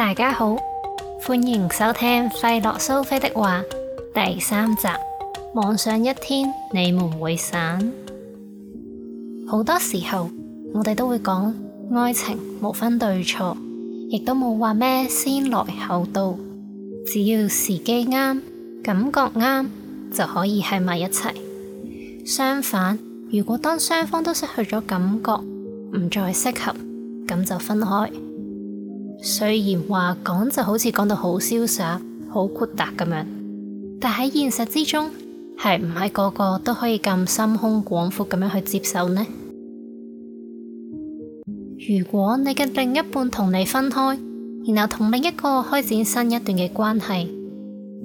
大家好，歡迎收聽《快樂蘇菲的話》第三集。妄想一天，你們會散。好多時候，我哋都會講愛情無分對錯，亦都冇話咩先來後到，只要時機啱、感覺啱就可以喺埋一齊。相反，如果當雙方都失去咗感覺，唔再適合，咁就分開。雖然話講就好似講到好瀟灑、好豁達咁樣，但喺現實之中，係唔係個個都可以咁心胸廣闊咁樣去接受呢？如果你嘅另一半同你分開，然後同另一個開展新一段嘅關係，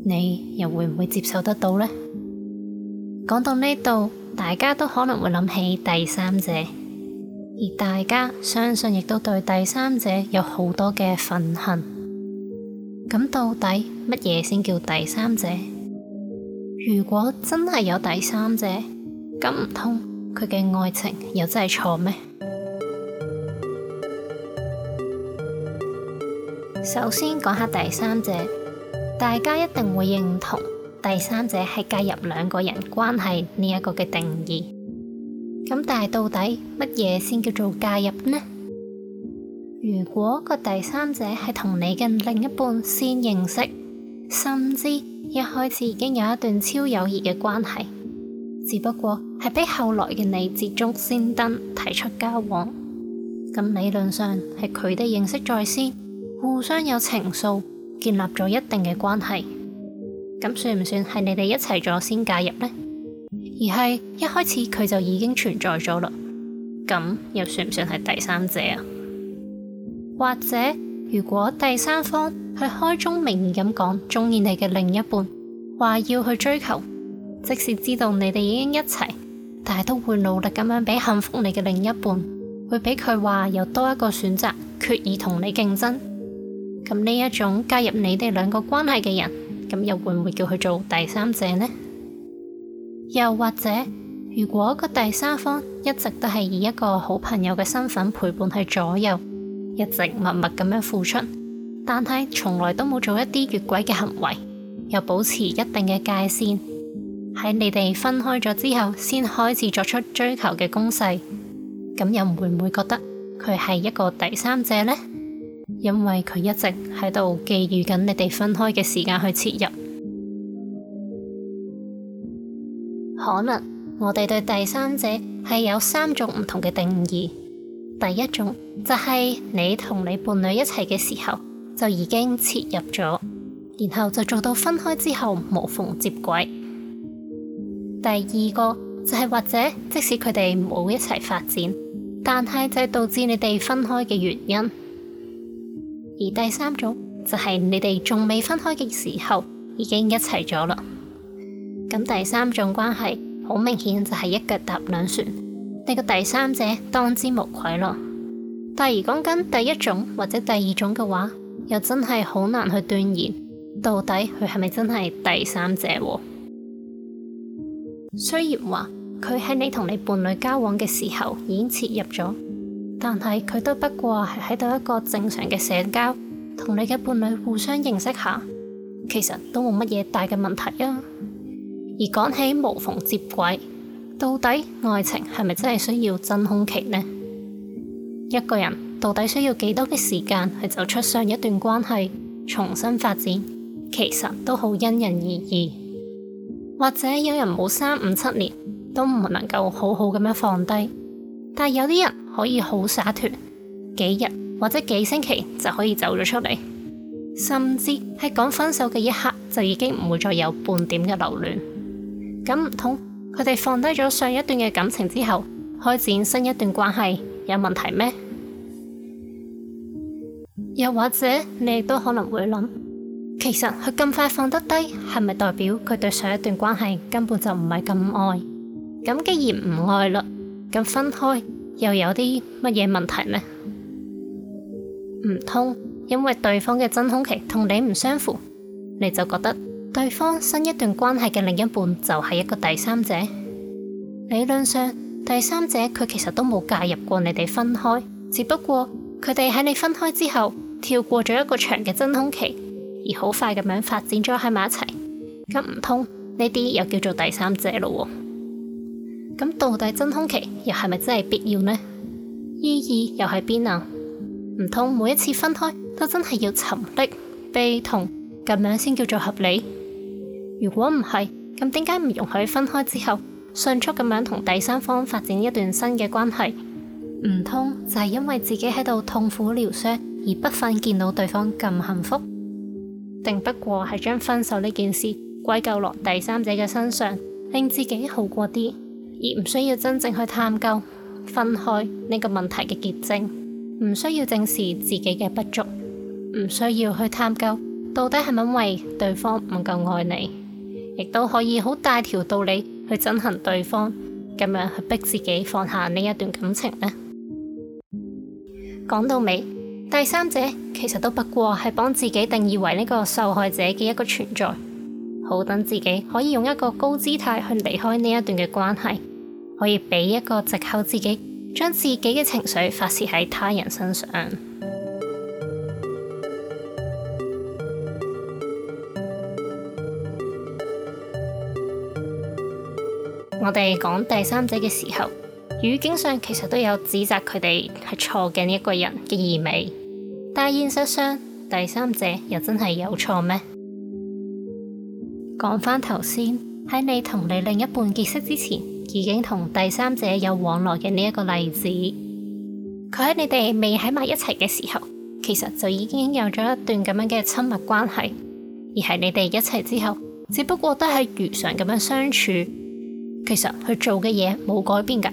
你又會唔會接受得到呢？講到呢度，大家都可能會諗起第三者。而大家相信亦都對第三者有好多嘅憤恨，咁到底乜嘢先叫第三者？如果真係有第三者，咁唔通佢嘅愛情又真係錯咩？首先講下第三者，大家一定會認同第三者係介入兩個人關係呢一個嘅定義。咁但係到底乜嘢先叫做介入呢？如果個第三者係同你嘅另一半先認識，甚至一開始已經有一段超友誼嘅關係，只不過係畀後來嘅你捷足先登，提出交往，咁理論上係佢哋認識在先，互相有情愫，建立咗一定嘅關係，咁算唔算係你哋一齊咗先介入呢？而係一開始佢就已經存在咗啦，咁又算唔算係第三者啊？或者如果第三方去開宗明義咁講，中意你嘅另一半，話要去追求，即使知道你哋已經一齊，但係都會努力咁樣俾幸福你嘅另一半，會俾佢話有多一個選擇，決意同你競爭，咁呢一種介入你哋兩個關係嘅人，咁又會唔會叫佢做第三者呢？又或者，如果個第三方一直都係以一個好朋友嘅身份陪伴喺左右，一直默默咁樣付出，但係從來都冇做一啲越軌嘅行為，又保持一定嘅界線，喺你哋分開咗之後，先開始作出追求嘅攻勢，咁又會唔會覺得佢係一個第三者呢？因為佢一直喺度覬覦緊你哋分開嘅時間去切入。可能我哋對第三者係有三種唔同嘅定義。第一種就係、是、你同你伴侶一齊嘅時候就已經切入咗，然後就做到分開之後無縫接軌。第二個就係、是、或者即使佢哋冇一齊發展，但係就係導致你哋分開嘅原因。而第三種就係、是、你哋仲未分開嘅時候已經一齊咗啦。咁第三種關係好明顯就係一腳踏兩船，你個第三者當之無愧咯。但而講緊第一種或者第二種嘅話，又真係好難去斷言到底佢係咪真係第三者喎。雖然話佢喺你同你伴侶交往嘅時候已經切入咗，但係佢都不過係喺度一個正常嘅社交，同你嘅伴侶互相認識下，其實都冇乜嘢大嘅問題啊。而講起無縫接軌，到底愛情係咪真係需要真空期呢？一個人到底需要幾多嘅時間去走出上一段關係，重新發展？其實都好因人而異。或者有人冇三五七年都唔能夠好好咁樣放低，但有啲人可以好灑脫，幾日或者幾星期就可以走咗出嚟，甚至喺講分手嘅一刻就已經唔會再有半點嘅留戀。咁唔通，佢哋放低咗上一段嘅感情之後，開展新一段關係有問題咩？又或者你亦都可能會諗，其實佢咁快放得低，係咪代表佢對上一段關係根本就唔係咁愛？咁既然唔愛啦，咁分開又有啲乜嘢問題呢？唔通因為對方嘅真空期同你唔相符，你就覺得？對方新一段關係嘅另一半就係一個第三者，理論上第三者佢其實都冇介入過你哋分開，只不過佢哋喺你分開之後跳過咗一個長嘅真空期，而好快咁樣發展咗喺埋一齊。咁唔通呢啲又叫做第三者咯？咁到底真空期又係咪真係必要呢？意義又喺邊啊？唔通每一次分開都真係要沉溺悲痛咁樣先叫做合理？如果唔係，咁點解唔容許分開之後迅速咁樣同第三方發展一段新嘅關係？唔通就係因為自己喺度痛苦療傷，而不忿見到對方咁幸福？定不過係將分手呢件事歸咎落第三者嘅身上，令自己好過啲，而唔需要真正去探究分開呢個問題嘅結症，唔需要正視自己嘅不足，唔需要去探究到底係咪因為對方唔夠愛你？亦都可以好大條道理去憎恨對方，咁樣去逼自己放下呢一段感情呢。講到尾，第三者其實都不過係幫自己定義為呢個受害者嘅一個存在，好等自己可以用一個高姿態去離開呢一段嘅關係，可以俾一個藉口自己將自己嘅情緒發泄喺他人身上。我哋講第三者嘅時候，語境上其實都有指責佢哋係錯嘅呢一個人嘅意味。但係現實上，第三者又真係有錯咩？講翻頭先喺你同你另一半結識之前，已經同第三者有往來嘅呢一個例子，佢喺你哋未喺埋一齊嘅時候，其實就已經有咗一段咁樣嘅親密關係，而係你哋一齊之後，只不過都係如常咁樣相處。其實佢做嘅嘢冇改變㗎，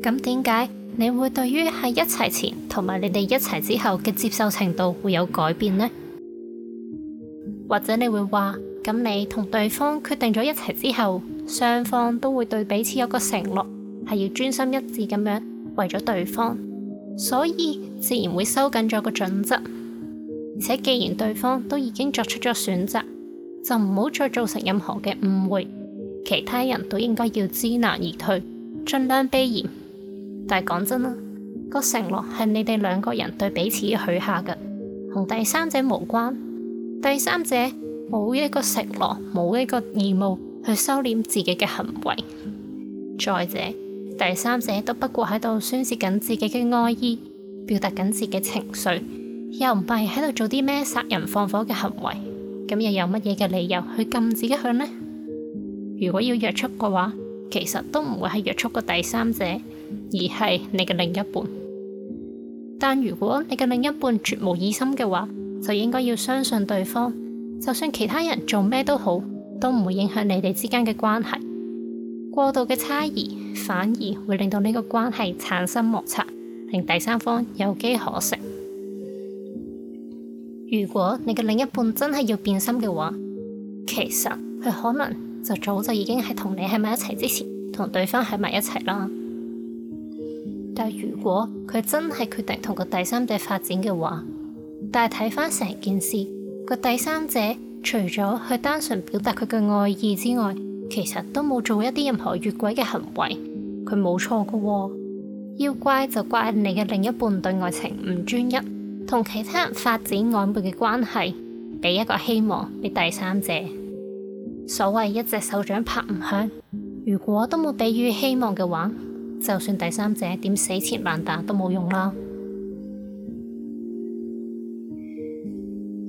咁點解你會對於喺一齊前同埋你哋一齊之後嘅接受程度會有改變呢？或者你會話，咁你同對方決定咗一齊之後，雙方都會對彼此有個承諾，係要專心一致咁樣為咗對方，所以自然會收緊咗個準則。而且既然對方都已經作出咗選擇，就唔好再造成任何嘅誤會。其他人都應該要知難而退，盡量避嫌。但係講真啦，個承諾係你哋兩個人對彼此許下嘅，同第三者無關。第三者冇一個承諾，冇一個義務去收斂自己嘅行為。再者，第三者都不過喺度宣泄緊自己嘅愛意，表達緊自己情緒，又唔係喺度做啲咩殺人放火嘅行為，咁又有乜嘢嘅理由去禁止佢呢？如果要約束嘅話，其實都唔會係約束個第三者，而係你嘅另一半。但如果你嘅另一半絕無異心嘅話，就應該要相信對方，就算其他人做咩都好，都唔會影響你哋之間嘅關係。過度嘅猜疑反而會令到呢個關係產生摩擦，令第三方有機可乘。如果你嘅另一半真係要變心嘅話，其實佢可能，就早就已經係同你喺埋一齊之前，同對方喺埋一齊啦。但如果佢真係決定同個第三者發展嘅話，但係睇返成件事，個第三者除咗去單純表達佢嘅愛意之外，其實都冇做一啲任何越軌嘅行為，佢冇錯㗎喎。要怪就怪你嘅另一半對愛情唔專一，同其他人發展曖昧嘅關係，俾一個希望俾第三者。所謂一隻手掌拍唔響，如果都冇俾予希望嘅話，就算第三者點死纏爛打都冇用啦。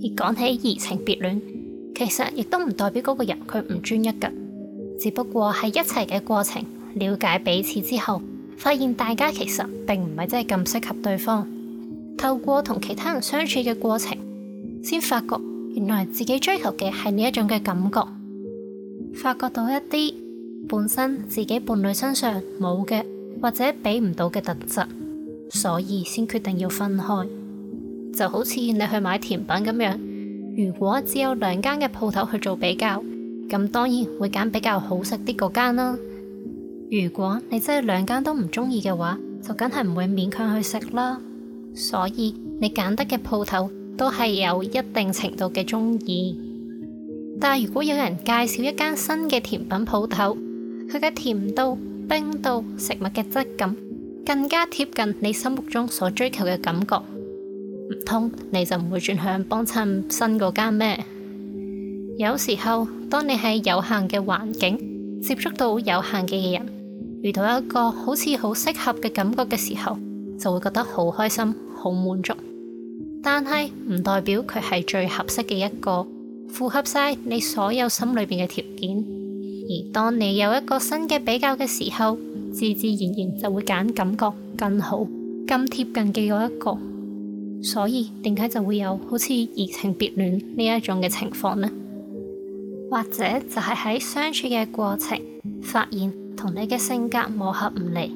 而講起移情別戀，其實亦都唔代表嗰個人佢唔專一嘅，只不過係一齊嘅過程，了解彼此之後，發現大家其實並唔係真係咁適合對方。透過同其他人相處嘅過程，先發覺原來自己追求嘅係呢一種嘅感覺。發覺到一啲本身自己伴侶身上冇嘅，或者畀唔到嘅特質，所以先決定要分開，就好似你去買甜品咁樣。如果只有兩間嘅鋪頭去做比較，咁當然會揀比較好食啲嗰間啦。如果你真係兩間都唔中意嘅話，就梗係唔會勉強去食啦。所以你揀得嘅鋪頭都係有一定程度嘅中意。但係如果有人介紹一間新嘅甜品鋪頭，佢嘅甜度、冰度、食物嘅質感，更加貼近你心目中所追求嘅感覺，唔通你就唔會轉向幫襯新嗰間咩？有時候當你喺有限嘅環境，接觸到有限嘅人，遇到一個好似好適合嘅感覺嘅時候，就會覺得好開心、好滿足。但係唔代表佢係最合適嘅一個。符合晒你所有心裏邊嘅條件，而當你有一個新嘅比較嘅時候，自自然然就會揀感覺更好、更貼近嘅嗰一個。所以點解就會有好似移情別戀呢一種嘅情況呢？或者就係喺相處嘅過程，發現同你嘅性格磨合唔嚟，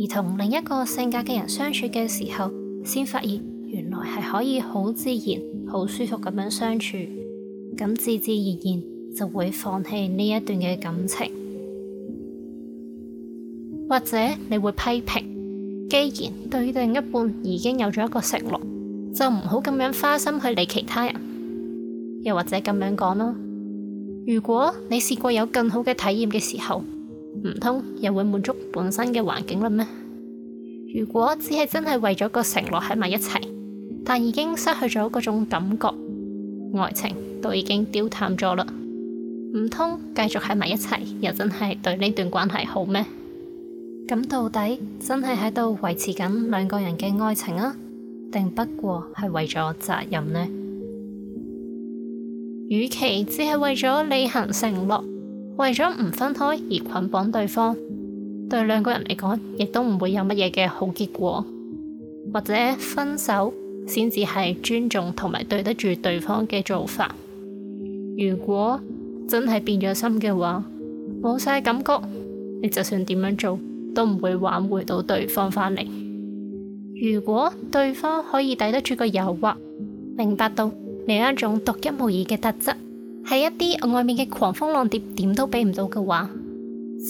而同另一個性格嘅人相處嘅時候，先發現原來係可以好自然、好舒服咁樣相處。咁自自然然就會放棄呢一段嘅感情，或者你會批評，既然對另一半已經有咗一個承諾，就唔好咁樣花心去理其他人，又或者咁樣講咯。如果你試過有更好嘅體驗嘅時候，唔通又會滿足本身嘅環境啦咩？如果只係真係為咗個承諾喺埋一齊，但已經失去咗嗰種感覺，愛情都已經凋淡咗啦，唔通繼續喺埋一齊，又真係對呢段關係好咩？咁到底真係喺度維持緊兩個人嘅愛情啊，定不過係為咗責任呢？與其只係為咗履行承諾，為咗唔分開而捆綁對方，對兩個人嚟講，亦都唔會有乜嘢嘅好結果，或者分手先至係尊重同埋對得住對方嘅做法。如果真係變咗心嘅話，冇晒感覺，你就算點樣做都唔會挽回到對方翻嚟。如果對方可以抵得住個誘惑，明白到你有一種獨一無二嘅特質，係一啲外面嘅狂風浪蝶點都俾唔到嘅話，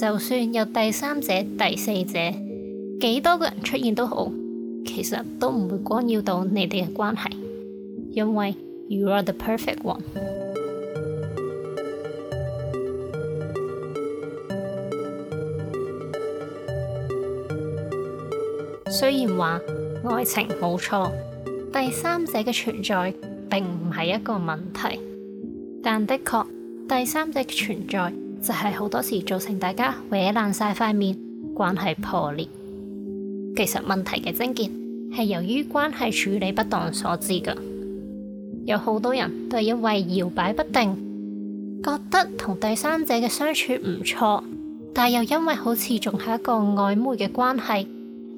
就算有第三者、第四者，幾多個人出現都好，其實都唔會干擾到你哋嘅關係，因為 you are the perfect one。雖然話愛情冇錯，第三者嘅存在並唔係一個問題，但的確第三者嘅存在就係好多時造成大家搲爛晒塊面，關係破裂。其實問題嘅症結係由於關係處理不當所致㗎。有好多人都係因為搖擺不定，覺得同第三者嘅相處唔錯，但又因為好似仲係一個曖昧嘅關係。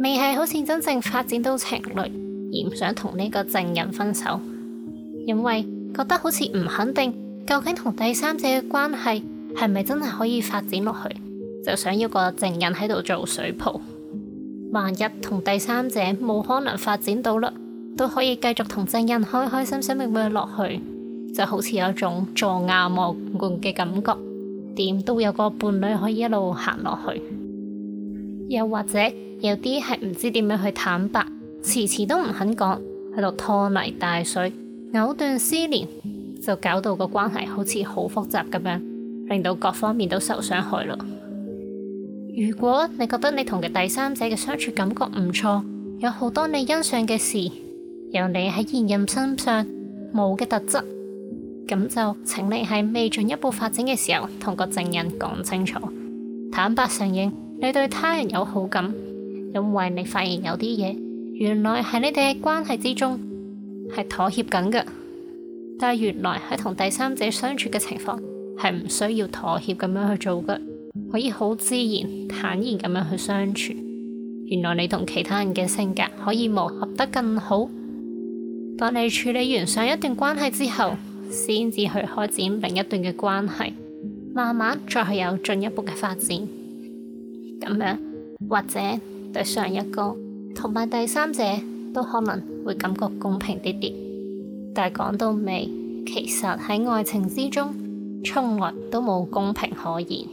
未係好似真正發展到情侶，而唔想同呢個正人分手，因為覺得好似唔肯定究竟同第三者嘅關係係咪真係可以發展落去，就想要個正人喺度做水泡。萬一同第三者冇可能發展到啦，都可以繼續同正人開開心心咁樣落去，就好似有一種坐亞望冠嘅感覺，點都有個伴侶可以一路行落去。又或者有啲係唔知點樣去坦白，遲遲都唔肯講，喺度拖泥帶水，藕斷絲連，就搞到個關係好似好複雜咁樣，令到各方面都受傷害咯。如果你覺得你同嘅第三者嘅相處感覺唔錯，有好多你欣賞嘅事，有你喺現任身上冇嘅特質，咁就請你喺未進一步發展嘅時候同個情人講清楚，坦白承認。你對他人有好感，因為你發現有啲嘢原來喺你哋嘅關係之中係妥協緊嘅。但係原來喺同第三者相處嘅情況係唔需要妥協咁樣去做嘅，可以好自然、坦然咁樣去相處。原來你同其他人嘅性格可以磨合得更好。當你處理完上一段關係之後，先至去開展另一段嘅關係，慢慢再係有進一步嘅發展。咁樣或者對上一個同埋第三者都可能會感覺公平啲啲，但係講到尾，其實喺愛情之中，從來都冇公平可言。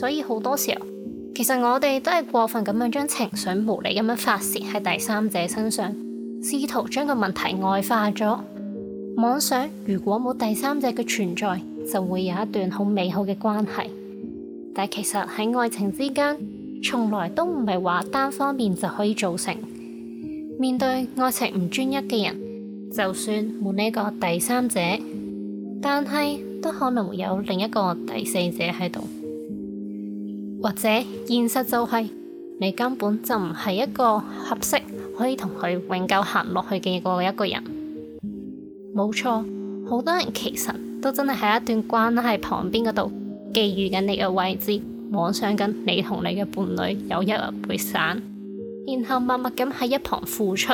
所以好多時候，其實我哋都係過分咁樣將情緒無理咁樣發洩喺第三者身上，試圖將個問題外化咗，妄想如果冇第三者嘅存在，就會有一段好美好嘅關係。但其實喺愛情之間，從來都唔係話單方面就可以做成。面對愛情唔專一嘅人，就算冇呢個第三者，但係都可能會有另一個第四者喺度，或者現實就係，你根本就唔係一個合適可以同佢永久行落去嘅一個人。冇錯，好多人其實都真係喺一段關係旁邊嗰度，寄予緊你嘅位置，妄想緊你同你嘅伴侶有一日會散，然後默默咁喺一旁付出。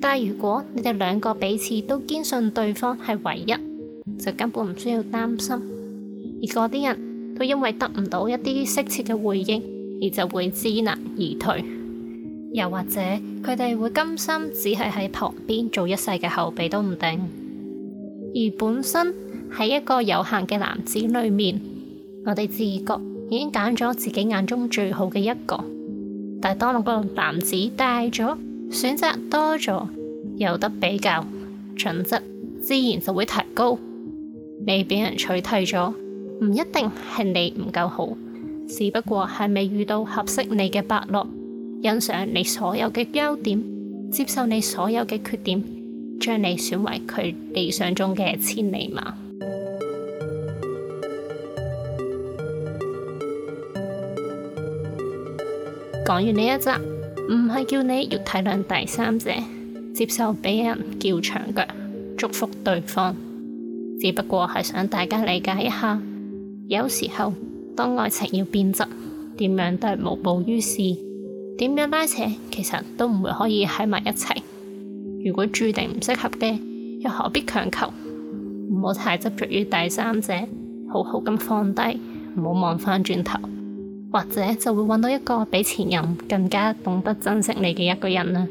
但如果你哋兩個彼此都堅信對方係唯一，就根本唔需要擔心。而嗰啲人都因為得唔到一啲適切嘅回應，而就會知難而退，又或者佢哋會甘心只係喺旁邊做一世嘅後備都唔定。而本身喺一個有限嘅男子裏面。我哋自覺已經揀咗自己眼中最好嘅一個，但係當個男子大咗，選擇多咗，有得比較，準則自然就會提高。你俾人取替咗，唔一定係你唔夠好，只不過係未遇到合適你嘅伯樂，欣賞你所有嘅優點，接受你所有嘅缺點，將你選為佢理想中嘅千里馬。講完呢一集，唔係叫你要體諒第三者，接受俾人叫長腳祝福對方，只不過係想大家理解一下，有時候當愛情要變質，點樣都係無補於事，點樣拉扯其實都唔會可以喺埋一齊。如果注定唔適合嘅，又何必強求？唔好太執着於第三者，好好咁放低，唔好望返轉頭。或者就會揾到一個比前任更加懂得珍惜你嘅一個人啦。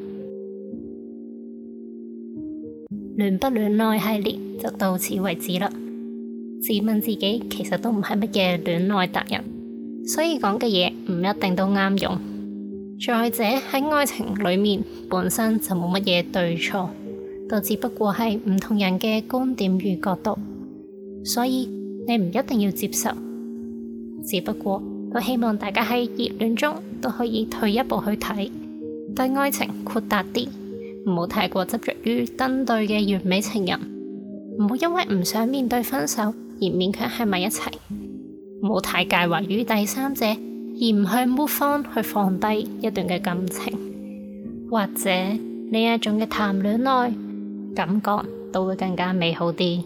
戀不亂愛系列就到此為止啦。自問自己其實都唔係乜嘢戀愛達人，所以講嘅嘢唔一定都啱用。再者喺愛情裏面本身就冇乜嘢對錯，都只不過係唔同人嘅觀點與角度，所以你唔一定要接受，只不過。我希望大家喺熱戀中都可以退一步去睇，對愛情豁達啲，唔好太過執着於登對嘅完美情人，唔好因為唔想面對分手而勉強喺埋一齊，唔好太介懷於第三者，而唔去 move on 去放低一段嘅感情，或者呢一種嘅談戀愛感覺都會更加美好啲。